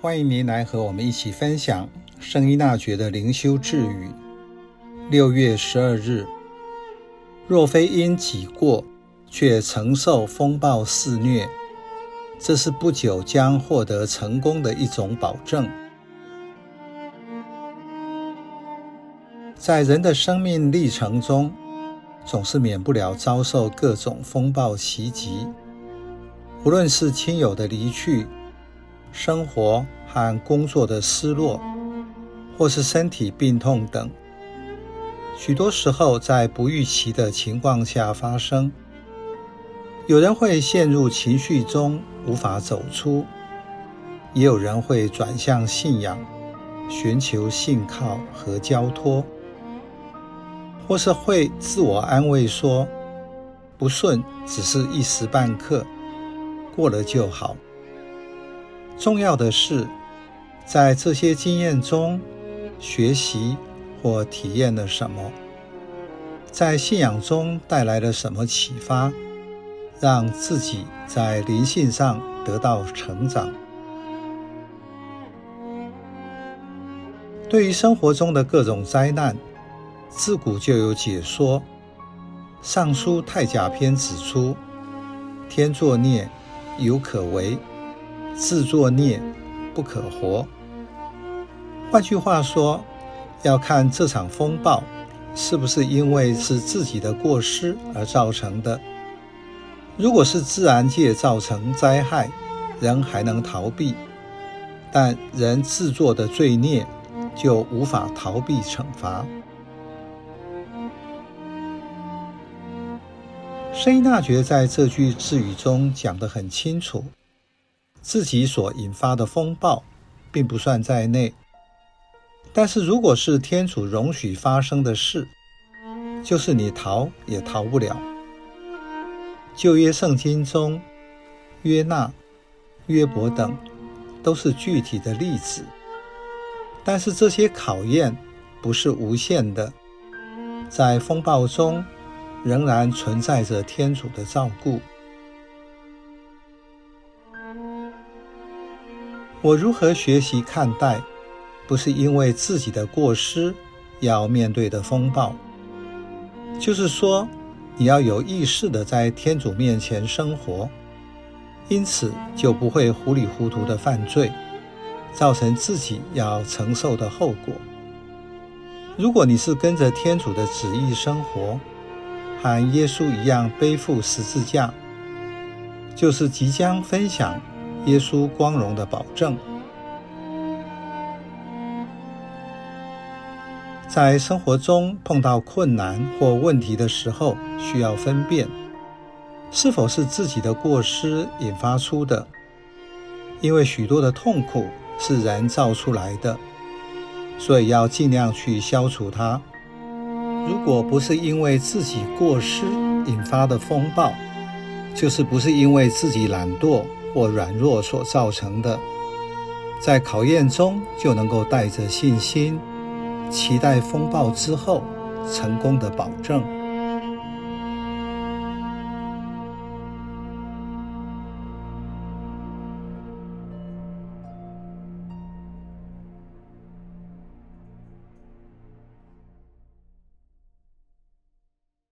歡迎您來和我們一起分享聖依納爵的靈修智語。六月十二日，若非因己過，卻承受風暴肆虐，這是不久將獲得成功的一種保證。在人的生命歷程中，總是免不了遭受各種風暴襲擊，無論是親友的離去。生活和工作的失落，或是身體病痛等，許多時候在不預期的情況下發生。有人會陷入情緒中無法走出，也有人會轉向信仰，尋求信靠和交托，或是會自我安慰說：“不順只是一時半刻，過了就好。”重要的是，在這些經驗中，學習或體驗了什麼，在信仰中帶來了什麼啟發，讓自己在靈性上得到成長。對於生活中的各種災難，自古就有解說。《尚書·太甲篇》指出：“天作孽，猶可為。”自作孽，不可活。換句話說，要看這場風暴是不是因為是自己的過失而造成的。如果是自然界造成災害，人還能逃避；但人自作的罪孽，就無法逃避懲罰。聖依納爵在這句智語中講得很清楚。自己所引發的風暴，並不算在內。但是，如果是天主容許發生的事，就是你逃也逃不了。舊約聖經中，約納、約伯等，都是具體的例子。但是，這些考驗不是無限的，在風暴中，仍然存在着天主的照顧。我如何學習看待，不是因為自己的過失要面對的風暴，就是說，你要有意識的在天主面前生活，因此就不會糊裡糊塗的犯罪，造成自己要承受的後果。如果你是跟着天主的旨意生活，和耶穌一樣背負十字架，就是即將分享。耶穌光榮的保證，在生活中碰到困難或問題的時候，需要分辨是否是自己的過失引發出的。因為許多的痛苦是人造出來的，所以要盡量去消除它。如果不是因為自己過失引發的風暴，就是不是因為自己懶惰。或軟弱所造成的，在考驗中就能夠帶着信心，期待風暴之後成功的保證。